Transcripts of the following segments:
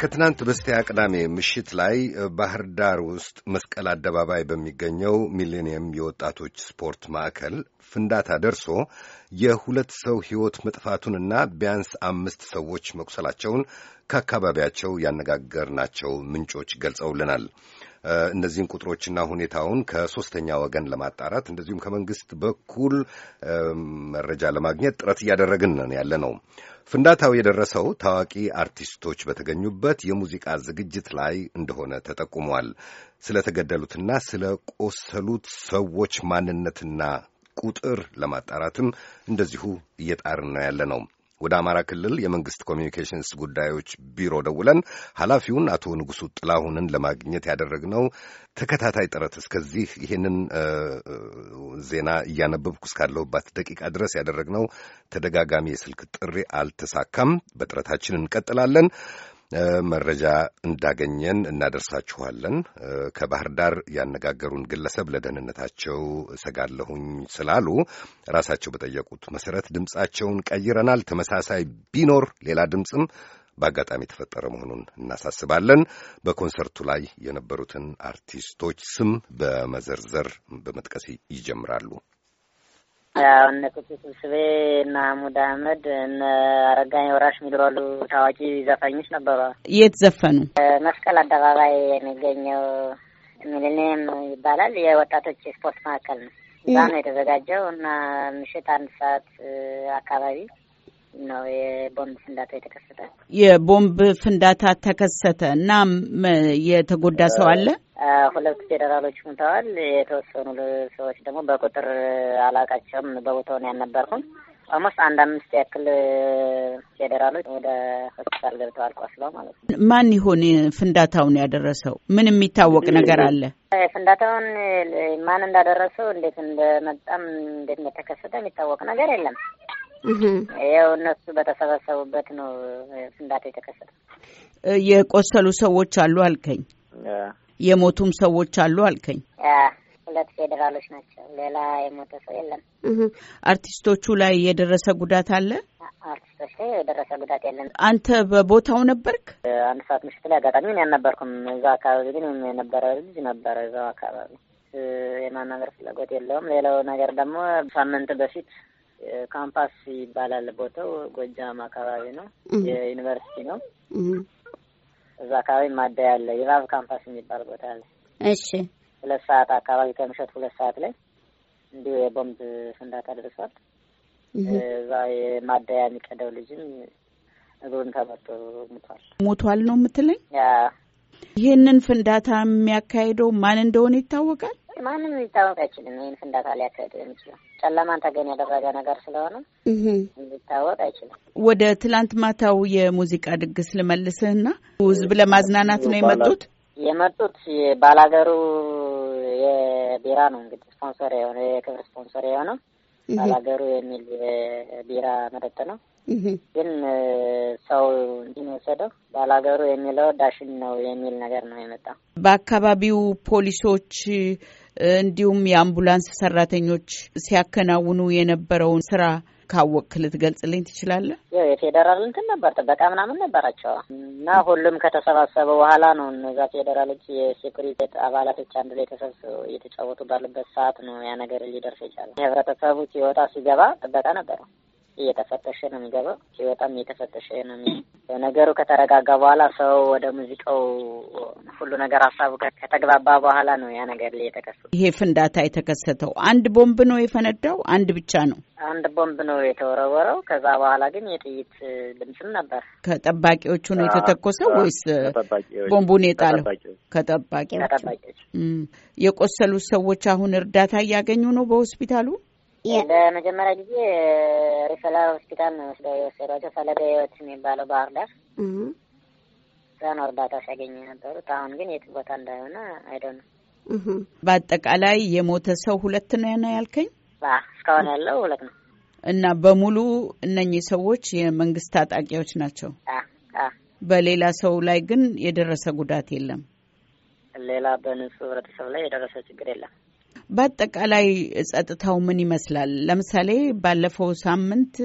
ከትናንት በስቲያ ቅዳሜ ምሽት ላይ ባህር ዳር ውስጥ መስቀል አደባባይ በሚገኘው ሚሌኒየም የወጣቶች ስፖርት ማዕከል ፍንዳታ ደርሶ የሁለት ሰው ሕይወት መጥፋቱንና ቢያንስ አምስት ሰዎች መቁሰላቸውን ከአካባቢያቸው ያነጋገርናቸው ምንጮች ገልጸውልናል። እነዚህን ቁጥሮችና ሁኔታውን ከሶስተኛ ወገን ለማጣራት እንደዚሁም ከመንግስት በኩል መረጃ ለማግኘት ጥረት እያደረግን ነን ያለ ነው። ፍንዳታው የደረሰው ታዋቂ አርቲስቶች በተገኙበት የሙዚቃ ዝግጅት ላይ እንደሆነ ተጠቁሟል። ስለተገደሉትና ስለ ቆሰሉት ሰዎች ማንነትና ቁጥር ለማጣራትም እንደዚሁ እየጣርን ነው ያለ ነው። ወደ አማራ ክልል የመንግስት ኮሚኒኬሽንስ ጉዳዮች ቢሮ ደውለን ኃላፊውን አቶ ንጉሱ ጥላሁንን ለማግኘት ያደረግነው ተከታታይ ጥረት እስከዚህ ይህንን ዜና እያነበብኩ እስካለሁባት ደቂቃ ድረስ ያደረግነው ተደጋጋሚ የስልክ ጥሪ አልተሳካም። በጥረታችን እንቀጥላለን። መረጃ እንዳገኘን እናደርሳችኋለን። ከባህር ዳር ያነጋገሩን ግለሰብ ለደህንነታቸው እሰጋለሁኝ ስላሉ ራሳቸው በጠየቁት መሰረት ድምፃቸውን ቀይረናል። ተመሳሳይ ቢኖር ሌላ ድምፅም በአጋጣሚ የተፈጠረ መሆኑን እናሳስባለን። በኮንሰርቱ ላይ የነበሩትን አርቲስቶች ስም በመዘርዘር በመጥቀስ ይጀምራሉ። ያው እነ ኩኪ ስብስቤ እና አህሙድ አህመድ እነ አረጋኝ ወራሽ የሚባሉ ታዋቂ ዘፋኞች ነበሩ። የት ዘፈኑ? መስቀል አደባባይ የሚገኘው ሚሊኒየም ይባላል። የወጣቶች ስፖርት ማዕከል ነው። እዛ ነው የተዘጋጀው እና ምሽት አንድ ሰዓት አካባቢ ነው የቦምብ ፍንዳታ የተከሰተ። የቦምብ ፍንዳታ ተከሰተ እና የተጎዳ ሰው አለ? ሁለት ፌዴራሎች ሙተዋል። የተወሰኑ ሰዎች ደግሞ በቁጥር አላቃቸውም። በቦታው ነው ያልነበርኩም። ኦልሞስት አንድ አምስት ያክል ፌዴራሎች ወደ ሆስፒታል ገብተዋል ቆስለው ማለት ነው። ማን ይሆን ፍንዳታውን ያደረሰው? ምን የሚታወቅ ነገር አለ? ፍንዳታውን ማን እንዳደረሰው፣ እንዴት እንደመጣም፣ እንዴት እንደተከሰተ የሚታወቅ ነገር የለም። ያው እነሱ በተሰበሰቡበት ነው ፍንዳታ የተከሰተ። የቆሰሉ ሰዎች አሉ አልከኝ? የሞቱም ሰዎች አሉ አልከኝ። ሁለት ፌዴራሎች ናቸው። ሌላ የሞተ ሰው የለም። አርቲስቶቹ ላይ የደረሰ ጉዳት አለ? አርቲስቶች ላይ የደረሰ ጉዳት የለም። አንተ በቦታው ነበርክ? አንድ ሰዓት ምሽት ላይ አጋጣሚ እኔ አልነበርኩም። እዛ አካባቢ ግን የነበረ ልጅ ነበረ እዛው አካባቢ። የማናገር ፍላጎት የለውም። ሌላው ነገር ደግሞ ሳምንት በፊት ካምፓስ ይባላል ቦታው፣ ጎጃም አካባቢ ነው። የዩኒቨርሲቲ ነው እዛ አካባቢ ማደያ አለ። የባብ ካምፓስ የሚባል ቦታ አለ። እሺ። ሁለት ሰዓት አካባቢ ከምሸት ሁለት ሰዓት ላይ እንዲሁ የቦምብ ፍንዳታ ደርሷል። እዛ የማደያ የሚቀደው ልጅም እግሩን ተመቶ ሙቷል። ሙቷል ነው የምትለኝ? ያ ይህንን ፍንዳታ የሚያካሂደው ማን እንደሆነ ይታወቃል? ማንም ሊታወቅ አይችልም። ይህን ፍንዳታ ሊያካሄድ የሚችለው ጨለማን ተገን ያደረገ ነገር ስለሆነ ሊታወቅ አይችልም። ወደ ትላንት ማታው የሙዚቃ ድግስ ልመልስህና ህዝብ ለማዝናናት ነው የመጡት የመጡት ባላገሩ የቢራ ነው እንግዲህ ስፖንሰር የሆነ የክብር ስፖንሰር የሆነው ባላገሩ የሚል ቢራ መጠጥ ነው። ግን ሰው እንዲወሰደው ባላገሩ የሚለው ዳሽን ነው የሚል ነገር ነው የመጣው። በአካባቢው ፖሊሶች እንዲሁም የአምቡላንስ ሰራተኞች ሲያከናውኑ የነበረውን ስራ ካወቅ ልትገልጽልኝ ትችላለህ? ያው የፌዴራል እንትን ነበር ጥበቃ ምናምን ነበራቸው እና ሁሉም ከተሰባሰበ በኋላ ነው እነዛ ፌዴራሎች የሴኩሪቲ አባላቶች አንድ ላይ ተሰብስበው እየተጫወቱ ባሉበት ሰዓት ነው ያ ነገር ሊደርስ ይቻላል። ህብረተሰቡ ሲወጣ ሲገባ ጥበቃ ነበረው። እየተፈተሸ ነው የሚገባው። ሲወጣም እየተፈተሸ ነው የሚ ነገሩ ከተረጋጋ በኋላ ሰው ወደ ሙዚቃው ሁሉ ነገር ሀሳቡ ከተግባባ በኋላ ነው ያ ነገር ላይ የተከሰተው። ይሄ ፍንዳታ የተከሰተው አንድ ቦምብ ነው የፈነዳው። አንድ ብቻ ነው አንድ ቦምብ ነው የተወረወረው። ከዛ በኋላ ግን የጥይት ድምፅም ነበር። ከጠባቂዎቹ ነው የተተኮሰው ወይስ ቦምቡን የጣለው? ከጠባቂዎች። የቆሰሉት ሰዎች አሁን እርዳታ እያገኙ ነው በሆስፒታሉ ለመጀመሪያ ጊዜ ሪፈራል ሆስፒታል ነው ወስደው የወሰዷቸው። ፈለገ ህይወት የሚባለው ባህር ዳር እዛ ነው እርዳታ ሲያገኙ የነበሩት። አሁን ግን የት ቦታ እንዳይሆነ አይደ ነው። በአጠቃላይ የሞተ ሰው ሁለት ነው ያና ያልከኝ? እስካሁን ያለው ሁለት ነው እና በሙሉ እነኚህ ሰዎች የመንግስት ታጣቂዎች ናቸው። በሌላ ሰው ላይ ግን የደረሰ ጉዳት የለም። ሌላ በንጹህ ህብረተሰብ ላይ የደረሰ ችግር የለም። በአጠቃላይ ጸጥታው ምን ይመስላል? ለምሳሌ ባለፈው ሳምንት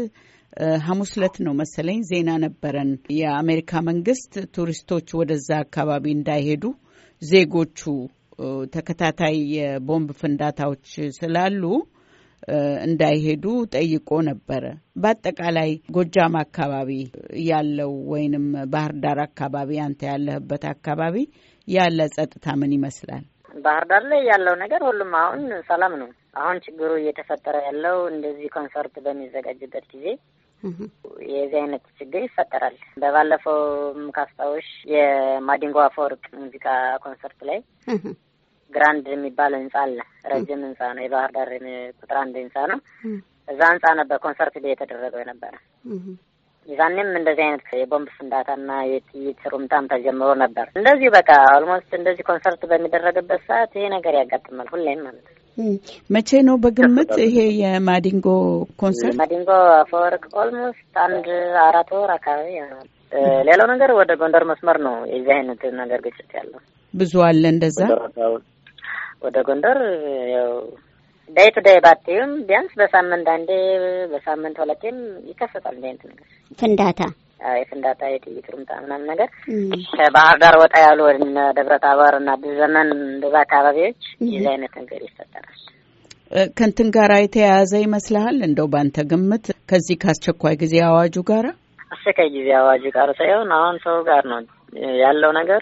ሐሙስ ዕለት ነው መሰለኝ ዜና ነበረን። የአሜሪካ መንግስት ቱሪስቶች ወደዛ አካባቢ እንዳይሄዱ ዜጎቹ ተከታታይ የቦምብ ፍንዳታዎች ስላሉ እንዳይሄዱ ጠይቆ ነበረ። በአጠቃላይ ጎጃም አካባቢ ያለው ወይንም ባህር ዳር አካባቢ አንተ ያለህበት አካባቢ ያለ ጸጥታ ምን ይመስላል? ባህር ዳር ላይ ያለው ነገር ሁሉም አሁን ሰላም ነው። አሁን ችግሩ እየተፈጠረ ያለው እንደዚህ ኮንሰርት በሚዘጋጅበት ጊዜ የዚህ አይነት ችግር ይፈጠራል። በባለፈው ካስታዎች የማዲንጎ አፈወርቅ ሙዚቃ ኮንሰርት ላይ ግራንድ የሚባል ህንጻ አለ። ረጅም ህንጻ ነው። የባህር ዳር ቁጥር አንድ ህንጻ ነው። እዛ ህንጻ ነበር ኮንሰርት ላይ የተደረገው የነበረ ይዛኔም እንደዚህ አይነት የቦምብ ፍንዳታና የጥይት ሩምጣም ተጀምሮ ነበር። እንደዚሁ በቃ ኦልሞስት እንደዚህ ኮንሰርት በሚደረግበት ሰዓት ይሄ ነገር ያጋጥማል ሁሌም ማለት ነው። መቼ ነው በግምት ይሄ የማዲንጎ ኮንሰርት? ማዲንጎ አፈወርቅ ኦልሞስት አንድ አራት ወር አካባቢ ይሆናል። ሌላው ነገር ወደ ጎንደር መስመር ነው የዚህ አይነት ነገር ግጭት ያለው ብዙ አለ እንደዛ ወደ ጎንደር ያው ዳይ ቱ ዳይ ባትይም ቢያንስ በሳምንት አንዴ በሳምንት ሁለቴም ይከሰታል። እንደ አይነት ነገር ፍንዳታ፣ የፍንዳታ የጥይት ሩምታ ምናምን ነገር ከባህር ዳር ወጣ ያሉ ወደ ደብረ ታቦር እና አዲስ ብዙ አካባቢዎች የዚህ አይነት ነገር ይፈጠራል። ከንትን ጋር የተያያዘ ይመስልሃል? እንደው ባንተ ግምት ከዚህ ከአስቸኳይ ጊዜ አዋጁ ጋር አስቸኳይ ጊዜ አዋጁ ጋር ሳይሆን አሁን ሰው ጋር ነው ያለው ነገር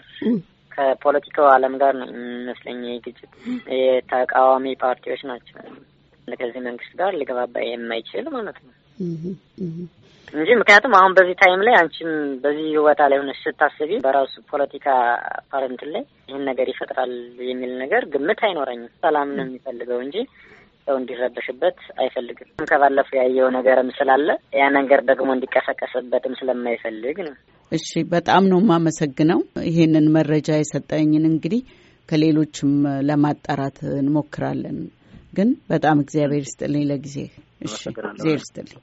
ከፖለቲካው ዓለም ጋር ነው የሚመስለኝ ግጭት። የተቃዋሚ ፓርቲዎች ናቸው ከዚህ መንግስት ጋር ሊገባባ የማይችል ማለት ነው እንጂ ምክንያቱም አሁን በዚህ ታይም ላይ አንቺም በዚህ ቦታ ላይ ሆነሽ ስታስቢ በራሱ ፖለቲካ ፓረንት ላይ ይህን ነገር ይፈጥራል የሚል ነገር ግምት አይኖረኝም። ሰላም ነው የሚፈልገው እንጂ ሰው እንዲረበሽበት አይፈልግም። ከባለፈው ያየው ነገርም ስላለ ያ ነገር ደግሞ እንዲቀሰቀስበትም ስለማይፈልግ ነው። እሺ፣ በጣም ነው የማመሰግነው ይሄንን መረጃ የሰጠኝን። እንግዲህ ከሌሎችም ለማጣራት እንሞክራለን። ግን በጣም እግዚአብሔር ይስጥልኝ ለጊዜ። እሺ፣ እግዚአብሔር ይስጥልኝ።